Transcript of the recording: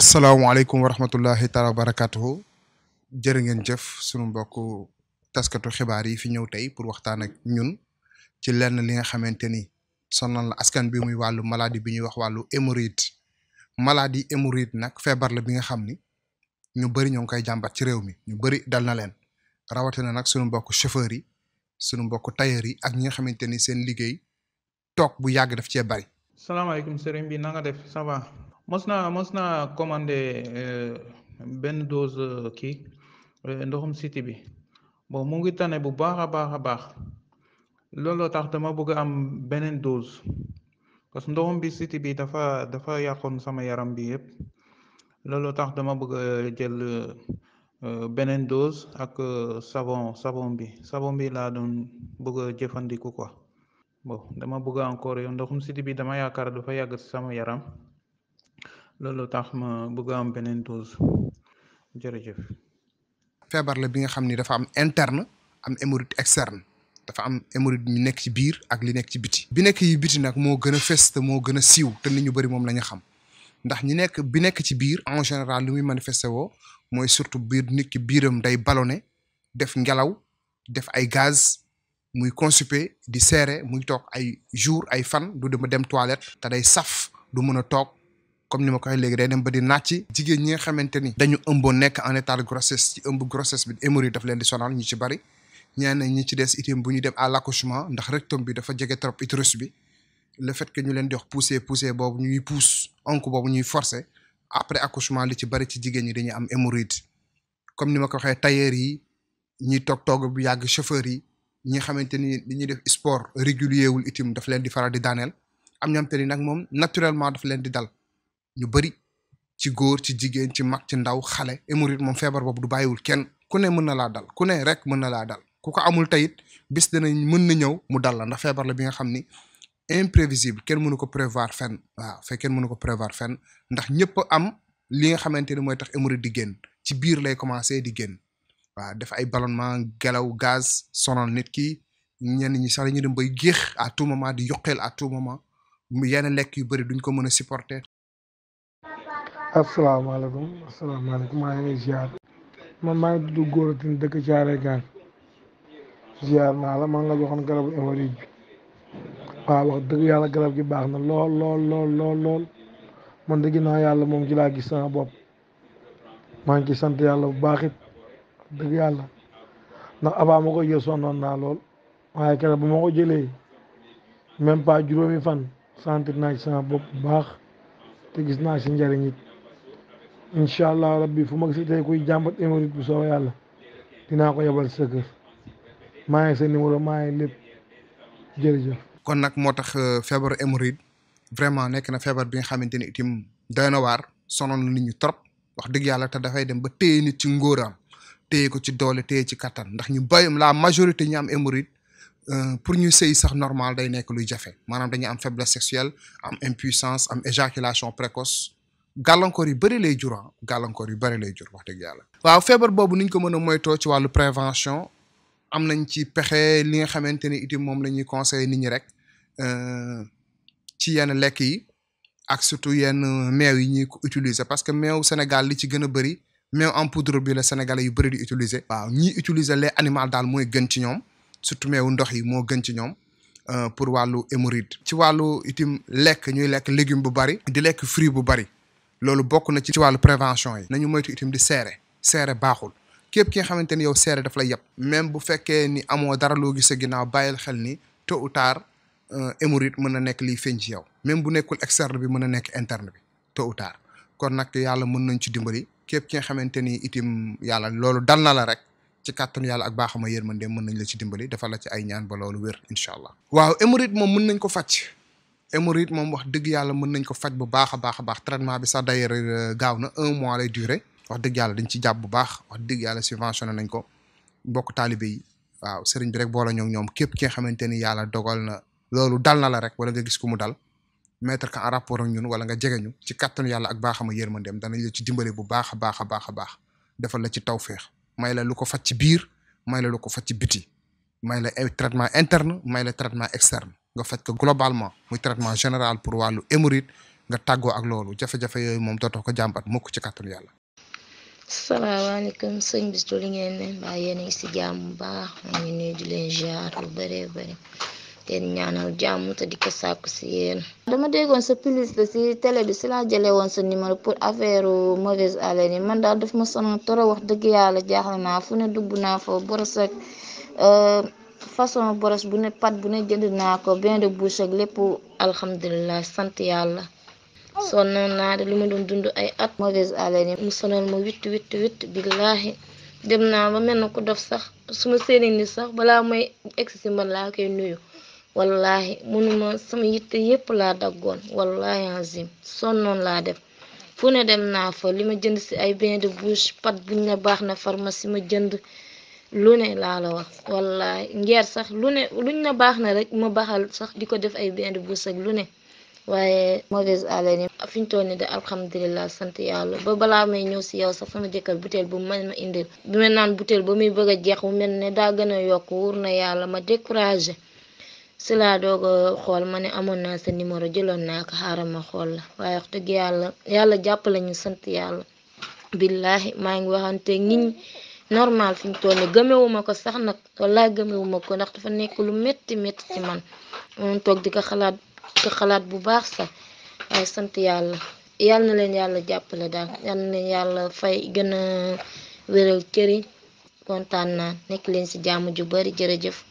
salaamaaleykum wa rahmatullahi taala wa barakaatuhu jërë ngeen jëf sunu mbokku taskatu xibaar yi fi ñëw tey pour waxtaan ak ñun ci lenn li nga xamante ni sonal la askan bi muy wàllu maladi bi ñuy wax wàllu hémorroïde maladi hémorroïde nag feebar la bi nga xam ni ñu bëri ñoo ngi koy jàmbat ci réew mi ñu bëri dal na leen rawatina nag sunu mbokku chauffeur yi sunu mbokku tailleur yi ak ñi nga xamante ni seen liggéey toog bu yàgg daf cee bari. salaamaaleykum sëriñ bi def ça mos naa mos naa commandé euh, benn dose euh, kii euh, ndoxum siti bi bon mu ngi tane bu baax a baax a baax looloo tax dama bëgg am beneen dose parce que ndoxum bi siti bi dafa dafa yàqoon sama yaram bi yëpp looloo tax dama bëgg a jël beneen dose ak savon savon bi savon bi laa doon bëgg a jëfandiku quoi bon dama bëgg encore yow ndoxum siti bi dama yaakaar dafa yàgg sama yaram. loolu tax ma bëgg am beneen dose jërëjëf. feebar la bi nga xam ni dafa am interne am hémorroïde externe dafa am hémorroïde mi nekk ci biir ak li nekk ci biti. bi nekk biti nag moo gën a fës moo gën a siiw te nit ñu bëri moom la ñu xam ndax ñi nekk bi nekk ci biir en général li muy manifesté woo mooy surtout biir nit ki biiram day ballonné def ngelaw def ay gaz muy constipé di seere muy toog ay jour ay fan du dem toilette te day saf du mën a toog. comme ni ma koy léegi day dem ba di naaj ci jigéen ñi nga xamante ni dañu ëmboon nekk en état de grossesse ci ëmb grossesse bi hémorroïde daf leen di sonal ñu ci bari ñaan ñi ci des itam bu ñu dem à l'accouchement ndax rectum bi dafa jege trop utérus le fait ñu leen di wax pousser boobu ñuy pousse onk boobu ñuy forcer après accouchement li ci bari ci jigéen ñi dañuy am hémorroïde comme ni ma ko waxee tailleur yi ñiy toog toog bu yàgg chauffeur yi ñi nga xamante ni dañuy def sport régulier wul itam daf leen di faral di daaneel am ñam te ni nag moom naturellement daf leen di dal ñu bëri ci góor ci jigéen ci mag ci ndaw xale hémorroïde moom feebar boobu du bàyyiwul kenn ku ne mën na laa dal ku ne rek mën na laa dal ku ko amul tayit bis danañ mën na ñëw mu dal ndax feebar la bi nga xam ni imprévisible kenn mënu ko prévoir fen waaw fekk kenn ko prévoir fen ndax ñëpp am li nga xamante ni mooy tax hémorroïde di génn ci biir lay commencé di génn waaw def ay ballonnement gelaw gaz sonal nit ki ñenn ñi sax dañuy dem bay géex à tout moment di yokkeel à tout moment yenn lekk yu bëri duñ ko mën a supporter asalaamaaleykum asalaamaaleykum maa ngi ziar man maa ngi tudd Gora Tine dëkk Thiaroye Gare ziar naa la maa ngi la joxoon garabu hémorroïde bi waaw wax dëgg yàlla garab gi baax na lool lool lool lool lool man de yàlla moom ci laa gis sama bopp maa ngi ci sant yàlla bu baax it dëgg yàlla ndax avant ma naa lool waaye keroog bu ma jëlee même pas juróomi fan sentir naa ci sama bop bu baax te gis naa ci njëriñ incha allah rabbi fu ma gisee tey kuy jàmbat hémorroïde bu soobee yàlla dinaa ko yebal sa kër maa ngi sa numéro maa ngi lépp jërëjëf. kon nag moo tax euh, feebaru hémorroïde vraiment nekk na feebar bi nga xamante ni itam doy na waar sono na nit ñu trop wax dëgg yàlla te dafay dem ba téye nit ci ngóoraam téye ko ci doole téye ci kattan ndax ñu bayam laa majorité ñu am hémorroïde euh, pour ñu sëy sax normal day nekk luy jafe maanaam dañuy am faiblesse sexuelle am impuissance am éjaculation précoce. gàllankoor yu bëri lay jur ah. gàllankoor yu bëri lay jur wax dëgg yàlla. waaw feebar boobu niñ ko mën a moytoo ci wàllu prévention am nañ ci pexe li nga xamante ni itam moom la ñuy conseillé nit ñi rek euh, ci yenn lekk yi ak surtout yenn meew yi ñuy ko utiliser parce que meew Sénégal li ci gën a bëri meew en poudre bi la sénégalais yu bëri di utiliser. waaw ñiy utiliser lait animal daal mooy gën ci ñoom surtout meewu ndox yi moo gën ci ñoom. Euh, pour wàllu hémorroïde ci wàllu itim lekk ñuy lekk légume bu bari di lekk fruit bu bari loolu bokk na ci wàllu prévention yi nañu moytu itam di seere seere baaxul képp ki nga xamante ni yow seere daf lay yap même bu fekkee ni amoo dara loo gis sa ginnaaw bàyyil xel ni tôt ou tard euh, mën na nekk li feeñ ci yow même bu nekkul externe bi mën na nekk interne bi tôt ou kon nag yàlla mën nañ ci dimbali képp ki nga xamante ni itam yàlla loolu dal na la rek ci kàttanu yàlla ak ma yërmande mën nañ la ci dimbali dafa la ci ay ñaan ba loolu wér incha allah hémorroïde moom wax dëgg yàlla mën nañ ko faj bu baax a baax a baax traitement bi sax d'ailleurs euh, gaaw na un mois lay durer wax dëgg yàlla dañ ci jàpp bu baax wax dëgg yàlla subventionné nañ ko mbokk taalibe yi waaw sëriñ bi rek boola ñoom ñoom képp ki nga xamante ni yàlla dogal na loolu dal na la rek wala nga gis ku mu dal mettre ko en rapport ak ñun wala nga jege ñu ci kattanu yàlla ak baaxam a yërmandeem danañ la ci dimbale bu baax a baax a baax baax defal la ci tawféex may la lu ko faj ci biir may la ko faj ci biti may la traitement interne may la traitement externe nga faj ko globalement muy traitement général pour wàllu hémorroïde nga tàggoo ak loolu jafe-jafe yooyu moom dootoo ko jàmbat mukk ci kàttan yàlla. salaamaaleykum sëñ bi li ngeen ne mbaa yéen a ngi si jàmm bu baax maa ngi nuyu di leen jaar lu bëree bëri leen ñaanal jàmm te di ko si yéen. dama déggoon sa publicité si télé bi si laa jëlee woon sa numéro pour affaire mauvaise haleine yi man daal def ma sonal trop wax dëgg yàlla jaaxle naa fu ne dugg naa fa boros ak. Euh, façon boros bu ne pat bu ne jënd naa ko bain de bouche ak lépp alhamdulilah sant yàlla sonnoon naa de li ma doon dund ay at mauvaise haleine mu sonal ma witt witt witt billaahi dem naa ba mel na ku dof sax su ma seeni sax balaa may egsi si man laa koy nuyu wallaahi mënuma sama yitte yépp laa daggoon wallaahi azim sonnoon laa def fu ne dem naa fa li ma jënd si ay bain de bouche pat buñ ne baax na pharmacie ma jënd lu ne laa la wax wallaay ngeer sax lu ne luñ na baax na rek ma baaxal sax di ko def ay benn buus ak lu ne waaye mauvaise haleine fi ñu toll nii de alhamdulilah sant yàlla ba balaa may ñëw si yow sax sama jëkkal butéel bu man ma indi bu ma naan butéel ba muy bëgg a jeex bu mel ne daa gën a yokk wóor na yàlla ma découragé si laa doog xool ma ne amoon naa sa numéro jëloon naa ko xaaral ma xool la waaye wax dëgg yàlla yàlla jàppale ñu sant yàlla billahi normal fi ñu toll nii gëmewuma ko sax nag wallaa gëmewuma ko ndax dafa nekk lu métti métti ci man moom toog di ko xalaat ko xalaat bu baax sax waaye sant yàlla yàlla na leen yàlla jàppale daal yàlla na leen yàlla fay gën a wéral cëriñ kontaan naa nekk leen ci jàmm ju bari jërëjëf